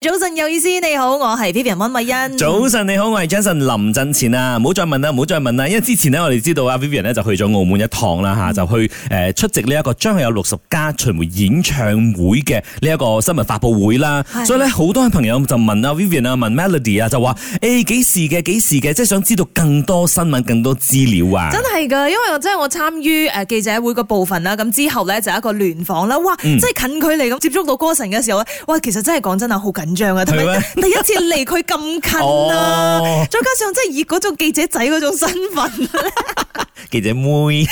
早晨有意思，你好，我係 Vivian 溫慧欣。早晨你好，我係 Jason 林振前啊！唔好再問啦，唔好再問啦，因為之前呢，我哋知道啊 Vivian 就去咗澳門一趟啦，吓、嗯、就去誒出席呢一個將係有六十加巡迴演唱會嘅呢一個新聞發布會啦。所以呢，好多朋友就問啊 Vivian 啊，問 Melody 啊，就話誒幾時嘅，幾時嘅，即係想知道更多新聞、更多資料啊！真係噶，因為真係我參與誒記者會個部分啦，咁之後呢，就一個聯訪啦，哇，即係近距離咁、嗯、接觸到歌神嘅時候呢，哇，其實真係講真啊，好緊。印象啊，同埋第一次離佢咁近啊、哦，再加上即係以嗰種記者仔嗰種身份、哦。 記者妹，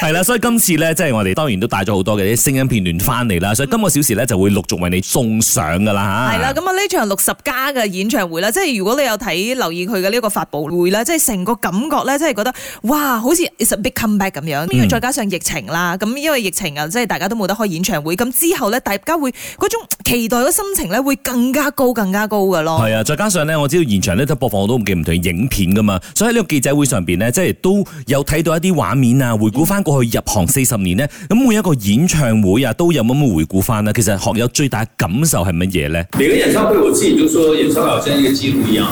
係啦，所以今次咧，即係我哋當然都帶咗好多嘅啲聲音片段翻嚟啦，所以今個小時咧就會陸續為你送上噶啦吓。係啦，咁啊呢場六十加嘅演唱會咧，即係如果你有睇留意佢嘅呢個發布會咧，即係成個感覺咧，即係覺得哇，好似《It's a big comeback》咁樣。跟住再加上疫情啦，咁因為疫情啊，即係大家都冇得開演唱會，咁之後咧，大家會嗰種期待嘅心情咧，會更加高，更加高噶咯。係啊，再加上咧，我知道現場咧都播放我都唔記得唔同嘅影片噶嘛，所以呢個記者會上邊咧，即係。都有睇到一啲畫面啊，回顧翻過去入行四十年呢。咁每一個演唱會啊都有乜乜回顧翻呢？其實學友最大感受係乜嘢呢？每個演唱會我自己就說，演唱會好像一個記錄一樣，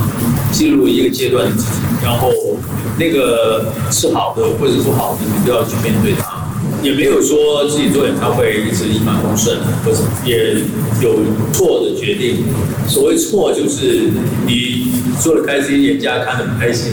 記錄一個階段的自己。然後，那個是好的或者不好的，你都要去面對它。也沒有說自己做演唱會一直一帆風順，或者也有錯的決定。所謂錯就是你做的開心，人家看的不開心。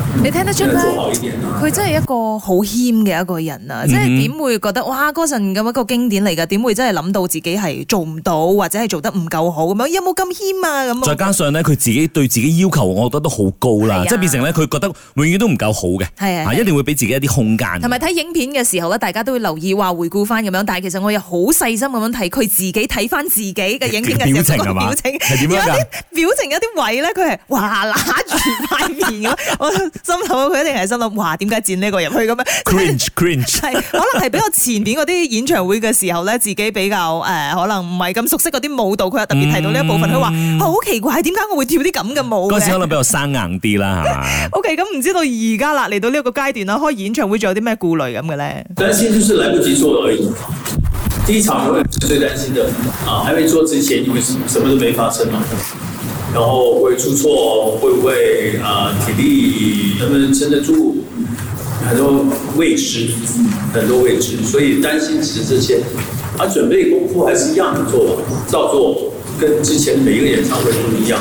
你聽得出咩？佢真係一個好謙嘅一個人啊！即係點會覺得哇嗰陣咁一個經典嚟㗎？點會真係諗到自己係做唔到或者係做得唔夠好咁樣？有冇咁謙啊？咁再加上咧，佢自己對自己要求，我覺得都好高啦、啊，即係變成咧，佢覺得永遠都唔夠好嘅，係、啊啊、一定會俾自己一啲空間。同埋睇影片嘅時候咧，大家都會留意話回顧翻咁樣，但係其實我又好細心咁樣睇佢自己睇翻自己嘅影片嘅表情係嘛？表情係點樣㗎？表情有啲位咧，佢係哇拿住塊面咁。 心諗佢一定係心諗，哇！點解剪呢個入去咁樣？Cringe，cringe，係 可能係比較前面嗰啲演唱會嘅時候咧，自己比較誒、呃，可能唔係咁熟悉嗰啲舞蹈，佢又特別提到呢一部分，佢話好奇怪，點解我會跳啲咁嘅舞的？嗰時可能比較生硬啲啦，係 嘛？OK，咁、嗯、唔知道而家啦，嚟到呢一個階段啦，開演唱會仲有啲咩顧慮咁嘅咧？擔心就是來不及做而已，第一場會最擔心嘅，啊，還沒做之前，因為什麼都沒發生嘛。然後會出錯，會唔會啊體力，能不能撐得住？很多未知，很多未知，所以擔心其實這些。啊，準備功夫還是一樣做，照做，跟之前每一個演唱會都一樣。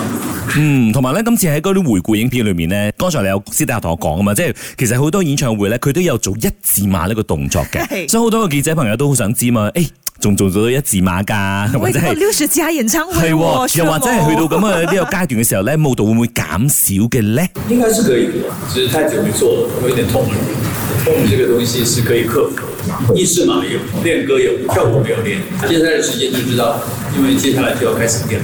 嗯，同埋呢，今次喺嗰啲回顧影片裏面呢，剛才你有私底下同我講啊嘛，即係其實好多演唱會咧，佢都有做一字馬呢個動作嘅，所以好多個記者朋友都好想知道嘛，誒、哎。仲做咗一字馬噶，或者係、那個、六十加演唱會，係喎、哦，又或者係去到咁嘅呢個階段嘅時候咧， 舞蹈會唔會減少嘅咧？應該係可以，只是太久沒做，會有啲痛。痛這個東西是可以克服的。意識嘛，有練歌，有跳舞沒有練？接下來嘅時間就知道，因為接下來就要開始練，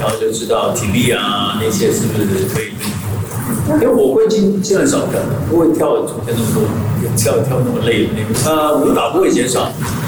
然後就知道體力啊那些是不是可以。因哎，嗯、因為我會今現在少跳，不會跳以前那麼多，跳跳那麼累的那。啊，舞蹈不會減少。嗯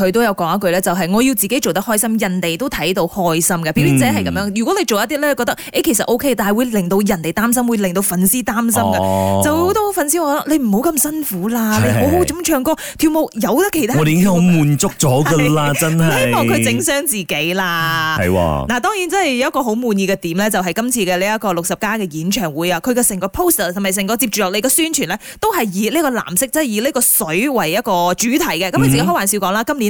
佢都有講一句咧，就係我要自己做得開心，人哋都睇到開心嘅表演者係咁樣、嗯。如果你做一啲咧，覺得誒其實 OK，但係會令到人哋擔心，會令到粉絲擔心嘅、哦，就好多粉絲話：我你唔好咁辛苦啦，你好好咁唱歌跳舞，有得其他人。我哋已經好滿足咗㗎啦，真係希望佢整傷自己啦。係喎、啊，嗱當然真係有一個好滿意嘅點咧，就係今次嘅呢一個六十加嘅演唱會啊，佢嘅成個 poster 同埋成個接住落嚟嘅宣傳咧，都係以呢個藍色，即係以呢個水為一個主題嘅。咁、嗯、佢自己開玩笑講啦，今年。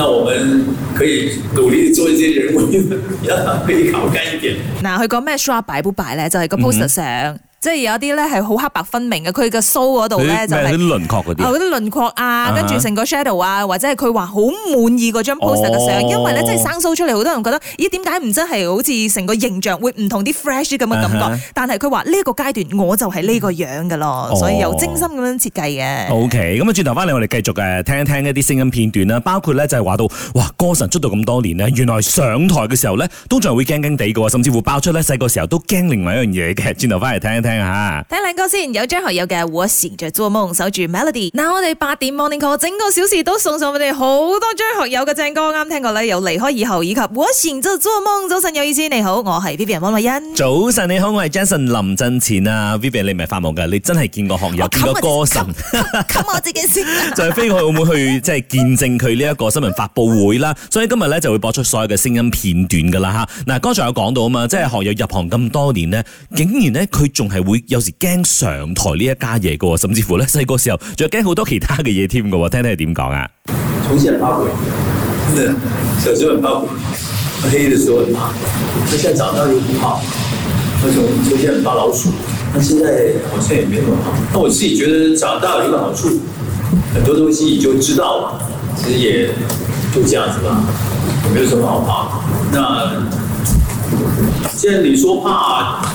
那我們可以努力做一些人物，可以搞干一點。嗯、他那他說嗱，佢講 o 說擺不擺呢就是個 poster 上。嗯即係有啲咧係好黑白分明嘅，佢嘅鬚嗰度咧就係嗰啲輪廓嗰啲，啲輪廓啊，跟住成個 shadow 啊，或者係佢話好滿意嗰張 poster 嘅相，因為咧即係生鬚出嚟，好多人覺得咦，點解唔真係好似成個形象會唔同啲 fresh 咁嘅感覺？但係佢話呢個階段我就係呢個樣嘅咯，所以有精心咁樣設計嘅。OK，咁啊轉頭翻嚟，我哋繼續誒聽，聽一聽一啲聲音片段啦，包括咧就係話到哇歌神出道咁多年呢，原來上台嘅時候咧都仲係會驚驚地嘅喎，甚至乎爆出咧細個時候都驚另外一樣嘢嘅。轉頭翻嚟聽一聽。聽下，聽靚歌先，有張學友嘅《w h a 做夢，守住 Melody。嗱，我哋八點 Morning Call 整個小時都送上我哋好多張學友嘅正歌，啱聽過啦。有離開以後以及《w h a 做夢。早晨有意思，你好，我係 Vivian 汪麗欣。早晨你好，我係 Jason 林振前啊。Vivian 你唔係發夢嘅，你真係見過學友，我見過歌神。吸我自己先、啊。就 係飛去澳門去即係見證佢呢一個新聞發布會啦？ 所以今日咧就會播出所有嘅聲音片段噶啦吓。嗱、啊，剛才有講到啊嘛，即係學友入行咁多年呢，竟然呢，佢仲係。會有時驚上台呢一家嘢嘅，甚至乎咧細個時候仲有驚好多其他嘅嘢添嘅。聽聽係點講啊？好似怕鬼，嗯，小時候很怕，黑嘅時候很怕，但現在長大又唔怕。而且我以前怕老鼠，但現在好像也沒咁怕。但我自己覺得長大有個好處，很多東西你就知道了，其實也就這樣子啦，冇咩好怕。那既然你說怕。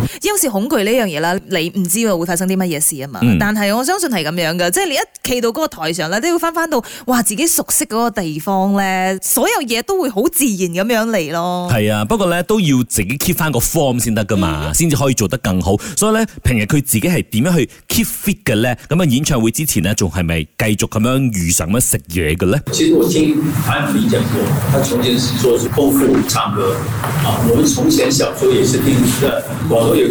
有時恐懼呢樣嘢啦，你唔知道會發生啲乜嘢事啊嘛。嗯、但係我相信係咁樣嘅，即係你一企到嗰個台上咧，都要翻翻到，哇！自己熟悉嗰個地方咧，所有嘢都會好自然咁樣嚟咯。係啊，不過咧都要自己 keep 翻個 form 先得噶嘛，先、嗯、至可以做得更好。所以咧，平日佢自己係點樣去 keep fit 嘅咧？咁啊，演唱會之前呢，仲係咪繼續咁樣如常咁樣食嘢嘅咧？其實我聽凡理講過，佢從前是做是功夫唱歌，啊，我們從前小時候也是聽的，廣州有。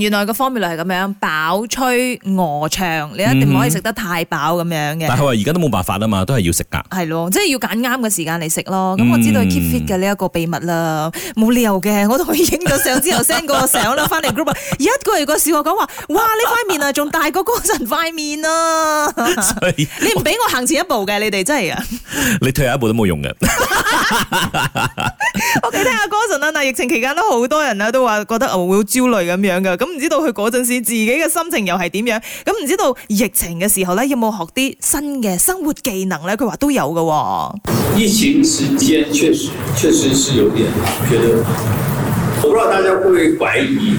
原來個方面類係咁樣飽、吹、餓、唱，你一定唔可以食得太飽咁、嗯、樣嘅。但係話而家都冇辦法啊嘛，都係要食㗎。係咯，即係要揀啱嘅時間嚟食咯。咁、嗯、我知道 keep fit 嘅呢一個秘密啦，冇理由嘅。我同佢影咗相之後 send 個相啦，翻嚟 group 一個月嗰時我講話，哇！呢塊面啊，仲大過歌神塊面啊， 你唔俾我行前一步嘅，你哋真係啊！ 你退後一步都冇用嘅。 我、okay. 哋聽下嗰陣啦，但係疫情期間都好多人啦，都話覺得啊會好焦慮咁樣噶，咁唔知道佢嗰陣時自己嘅心情又係點樣？咁唔知道疫情嘅時候咧，有冇學啲新嘅生活技能咧？佢話都有噶、哦。疫情時間確實確實是有點覺得，我不知道大家會唔會懷疑。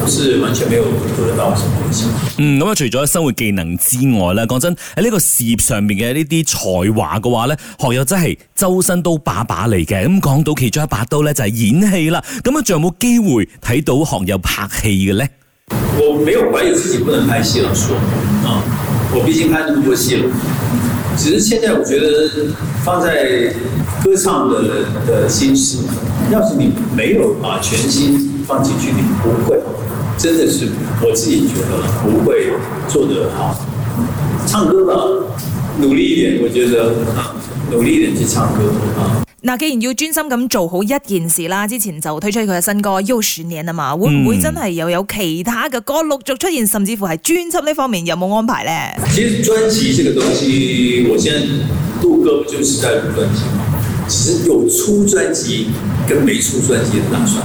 就是完全沒有做得到什麼東西。嗯，咁、嗯、啊、嗯，除咗生活技能之外咧，講真喺呢個事業上面嘅呢啲才華嘅話呢，學友真係周身刀把把嚟嘅。咁、嗯、講到其中一把刀呢，就係、是、演戲啦。咁、嗯、啊，仲、嗯、有冇機會睇到學友拍戲嘅呢？我沒有懷疑自己不能拍戲啦，說，啊，我畢竟拍咁多戲啦。其實現在我覺得，放在歌唱的人的心思，要是你沒有把全心放進去，你不會。真的是我自己覺得不會做得好，唱歌吧，努力一點，我覺得努力一點去唱歌啊。嗱，既然要專心咁做好一件事啦，之前就推出佢嘅新歌《又十年》啊嘛，會唔會真係又有其他嘅歌陸續出現，甚至乎係專輯呢方面有冇安排咧、嗯？其實專輯呢個東西，我先錄歌，不就是在錄專輯嘛，其實有出專輯跟沒出專輯嘅打算。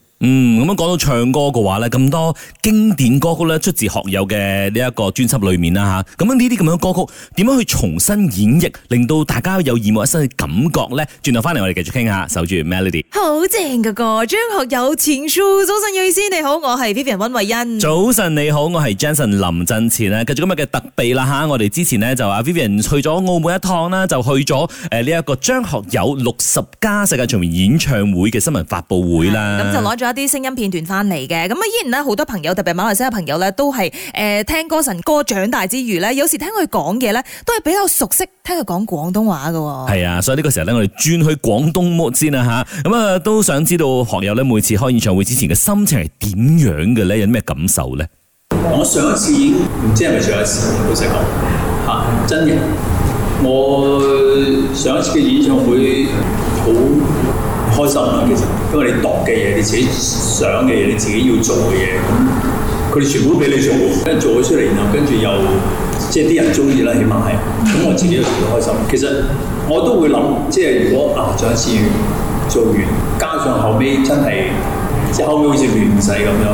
嗯，咁樣講到唱歌嘅話咧，咁多經典歌曲咧出自學友嘅呢一個專輯裏面啦嚇，咁樣呢啲咁樣歌曲點樣去重新演繹，令到大家有耳目一新嘅感覺咧？轉頭翻嚟，我哋繼續傾下《守住 Melody》。好正㗎。歌，張學友前書早晨，楊醫師你好，我係 Vivian 温慧欣。早晨你好，我係 Janson 林振前咧。繼續今日嘅特備啦嚇，我哋之前呢就阿 Vivian 去咗澳門一趟啦，就去咗呢一個張學友六十加世界巡演演唱會嘅新聞發布會啦。咁、嗯、就攞咗啲聲音片段翻嚟嘅，咁啊依然咧，好多朋友，特別馬來西亞朋友咧，都係誒、呃、聽歌神歌長大之餘咧，有時聽佢講嘢咧，都係比較熟悉聽佢講廣東話嘅。係啊，所以呢個時候咧，我哋轉去廣東 mode 先啦吓，咁啊都想知道學友咧每次開演唱會之前嘅心情係點樣嘅咧，有咩感受咧？我上一次已經唔知係咪上一次，唔好講吓真嘅。我上一次嘅演唱會好。開心啊！其實，因為你度嘅嘢，你自己想嘅嘢，你自己要做嘅嘢，咁佢哋全部都俾你做，跟住做咗出嚟，然後跟住又即係啲人中意啦，起碼係。咁我自己都覺得開心。其實我都會諗，即係如果啊，再一次做完，加上後尾真係即係後尾好似亂世咁樣，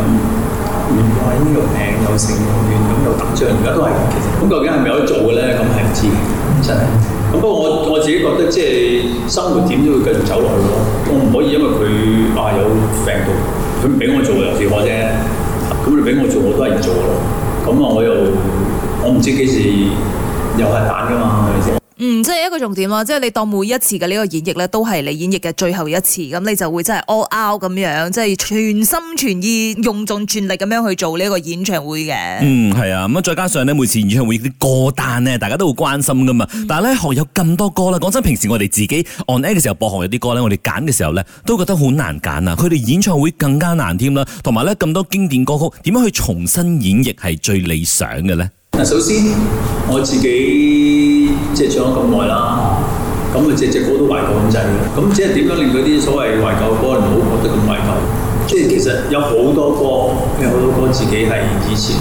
亂世又平又盛又亂咁又打仗，而家都係其實。咁究竟係咪有得做嘅咧？咁係唔知，真係。咁不過，我我自己覺得即係生活點都要繼續走落去咯。我唔可以因為佢啊有病毒，佢唔俾我做又如何啫？咁你俾我做我都係要做嘅咯。咁啊我又我唔知幾時又係蛋㗎嘛，係咪先？嗯，即、就、係、是、一個重點咯，即、就、係、是、你當每一次嘅呢個演繹咧，都係你演繹嘅最後一次，咁你就會真係 all out 咁樣，即、就、係、是、全心全意、用盡全力咁樣去做呢個演唱會嘅。嗯，係啊，咁啊，再加上每次演唱會啲歌單呢，大家都好關心噶嘛、嗯。但係咧，學有咁多歌咧，講真，平時我哋自己 on air 嘅時候播學有啲歌咧，我哋揀嘅時候咧，都覺得好難揀啊。佢哋演唱會更加難添啦，同埋咧咁多經典歌曲，點樣去重新演繹係最理想嘅咧？嗱，首先我自己。即、就、係、是、唱咗咁耐啦，咁啊隻隻歌都懷舊咁滯嘅，咁即係點樣令嗰啲所謂懷舊歌唔好覺得咁懷舊？即、就、係、是、其實有好多歌，有好多歌自己係以前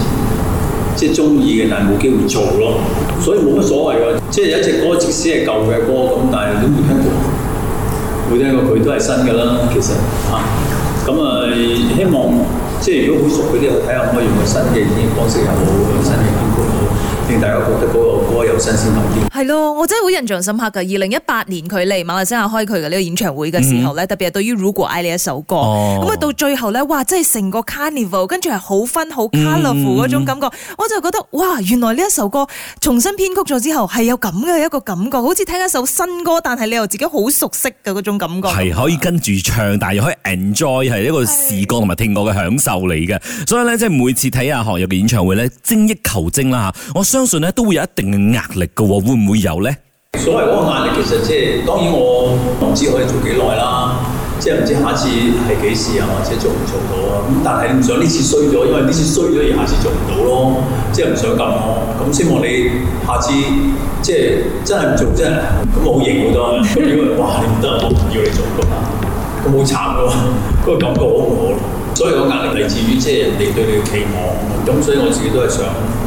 即係中意嘅，但係冇機會做咯，所以冇乜所謂㗎、就是。即係有一隻歌即使係舊嘅歌，咁但係都未聽過，未聽過佢都係新嘅啦。其實啊，咁啊希望即係、就是、如果好熟嗰啲，睇下可，可以用個新嘅演繹方式又好，用新嘅編曲又好。令大家覺得嗰個歌有新鮮味啲，係咯，我真係好印象深刻嘅。二零一八年佢嚟馬來西亞開佢嘅呢個演唱會嘅時候咧、嗯，特別係對於如果愛呢一首歌，咁、哦、啊到最後咧，哇！真係成個 Carnival，跟住係好 fun 好 colourful 嗰種感覺、嗯。我就覺得哇，原來呢一首歌重新編曲咗之後係有咁嘅一個感覺，好似聽一首新歌，但係你又自己好熟悉嘅嗰種感覺。係可以跟住唱，但又可以 enjoy 係一個視覺同埋聽覺嘅享受嚟嘅。所以咧，即係每次睇下學友嘅演唱會咧，精益求精啦嚇，我。相信咧都會有一定嘅壓力嘅，會唔會有咧？所謂嗰個壓力，其實即係當然，我唔知可以做幾耐啦，即係唔知下一次係幾時啊，或者做唔做到啊？咁但係唔想呢次衰咗，因為呢次衰咗，而下次做唔到咯，即係唔想咁咯。咁希望你下次即係真係唔做真，咁我型好多，因為哇你唔得，我唔要你做咁啊，咁好慘噶喎，嗰個感覺好好。所以個壓力嚟自於即係人哋對你嘅期望，咁所以我自己都係想。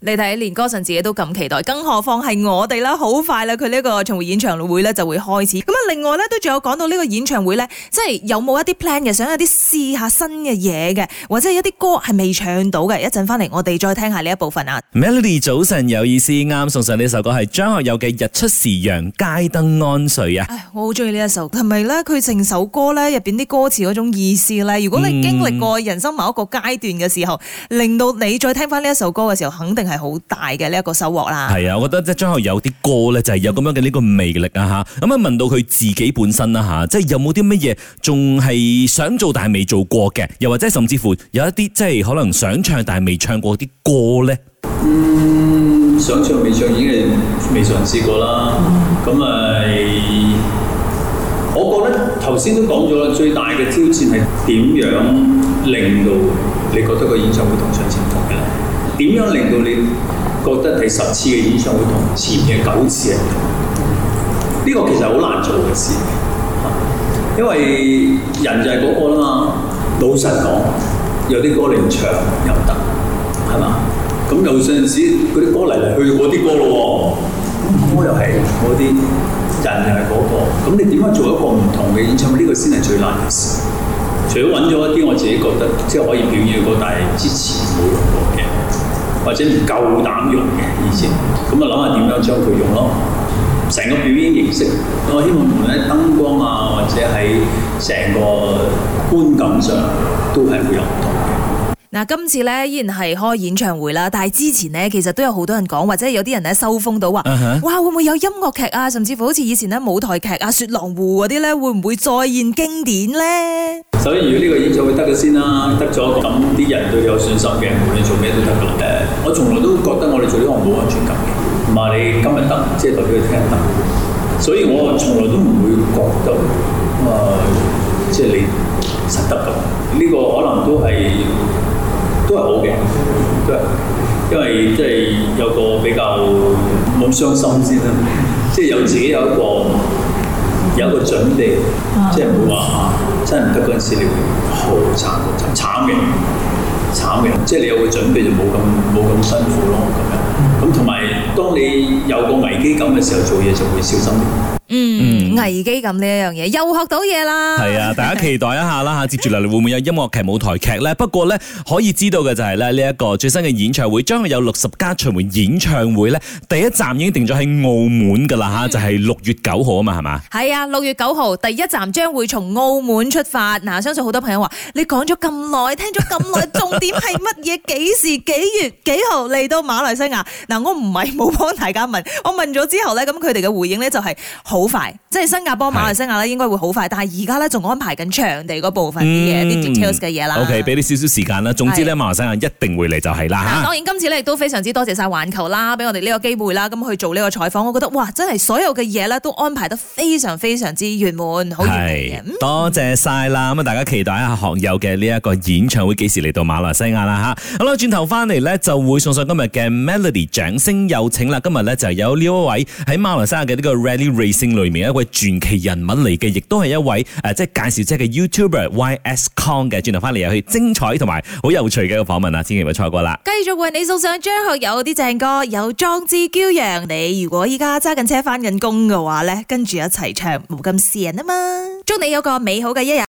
你睇，連歌神自己都咁期待，更何況係我哋啦！好快啦，佢呢個巡回演唱會咧就會開始。咁啊，另外咧都仲有講到呢個演唱會咧，即係有冇一啲 plan 嘅，想有啲試下新嘅嘢嘅，或者係一啲歌係未唱到嘅。一陣翻嚟，我哋再聽下呢一部分啊。Melody 早晨有意思啱，送上呢首歌係張學友嘅《日出時讓街燈安睡》啊！我好中意呢一首，係咪咧？佢成首歌咧入邊啲歌詞嗰種意思咧，如果你經歷過人生某一個階段嘅時候，嗯、令到你再聽翻呢一首歌嘅時候，肯定係，好大嘅呢一個收穫啦，係啊，我覺得即係張學友啲歌咧，就係有咁樣嘅呢個魅力啊吓，咁啊問到佢自己本身啦吓，即係有冇啲乜嘢仲係想做但係未做過嘅，又或者甚至乎有一啲即係可能想唱但係未唱過啲歌咧？嗯，想唱未唱已經係未嘗試過啦。咁、嗯、咪，我覺得頭先都講咗啦，最大嘅挑戰係點樣令到你覺得個演唱會同上點樣令到你覺得第十次嘅演唱會同前嘅九次係唔同？呢、這個其實好難做嘅事，因為人就係嗰個啦嘛。老實講，有啲歌你唔唱又得，係嘛？咁有陣時嗰啲歌嚟嚟去去啲歌咯喎，歌又係嗰啲人又係嗰個，咁你點樣做一個唔同嘅演唱會？呢、這個先係最難嘅事。除咗揾咗一啲我自己覺得即係、就是、可以表演嘅歌，但係之前冇用過。或者唔夠膽用嘅以前，咁啊諗下點樣將佢用咯？成個表演形式，我希望無論喺燈光啊，或者喺成個觀感上，都係會有唔同嘅。嗱，今次咧依然係開演唱會啦，但係之前咧其實都有好多人講，或者有啲人咧收風到話，uh -huh。哇會唔會有音樂劇啊？甚至乎好似以前咧舞台劇啊、雪狼湖嗰啲咧，會唔會再現經典咧？首先，如果呢個演唱會得咗先啦，得咗咁啲人都有信心嘅，無論做咩都得嘅。我從來都覺得我哋做呢行冇安全感嘅，唔係你今日得，即係代表你聽日得，所以我從來都唔會覺得，誒，即係你實得嘅。呢個可能都係都係好嘅，都係，因為即係有個比較冇傷心先啦，即係有自己有一個有一個準備，即係唔會話真係唔得嗰陣時你會好慘慘嘅。慘嘅，即係你有個準備就冇咁冇咁辛苦咯，咁樣。咁同埋，當你有個危機感嘅時候，做嘢就會小心啲。嗯，危機感呢一樣嘢，又學到嘢啦。係啊，大家期待一下啦嚇，接住落嚟會唔會有音樂劇、舞台劇咧？不過咧，可以知道嘅就係咧，呢一個最新嘅演唱會將會有 60+ 巡迴演唱會咧，第一站已經定咗喺澳門噶啦嚇，就係六月九號啊嘛，係嘛？係啊，六月九號第一站將會從澳門出發。嗱，相信好多朋友話：你講咗咁耐，聽咗咁耐，重點係乜嘢？幾時？幾月？幾號嚟到馬來西亞？嗱，我唔係冇幫大家問，我問咗之後咧，咁佢哋嘅回應咧就係好。好快，即係新加坡、馬來西亞咧，應該會好快。是但係而家咧仲安排緊場地嗰部分啲嘢、啲 details 嘅嘢啦。OK，俾啲少少時間啦。總之咧，馬來西亞一定會嚟就係啦嚇。當然今次咧亦都非常之多謝晒環球啦，俾我哋呢個機會啦，咁去做呢個採訪。我覺得哇，真係所有嘅嘢咧都安排得非常非常之圓滿，好圓滿嘅。多謝晒啦，咁、嗯、啊大家期待一下學友嘅呢一個演唱會幾時嚟到馬來西亞啦嚇。好啦，轉頭翻嚟咧就會送上今日嘅 Melody 掌聲有請啦。今日咧就係有呢一位喺馬來西亞嘅呢個 Ready Racing。裏面一位傳奇人物嚟嘅，亦都係一位誒，即係介紹即嘅 YouTuber YS Con 嘅，轉頭翻嚟又係精彩同埋好有趣嘅一個訪問啊！千祈唔好錯過啦，繼續為你送上張學友啲正歌，有壯志驕陽，你如果依家揸緊車翻緊工嘅話咧，跟住一齊唱無咁私人啊嘛，祝你有個美好嘅一日。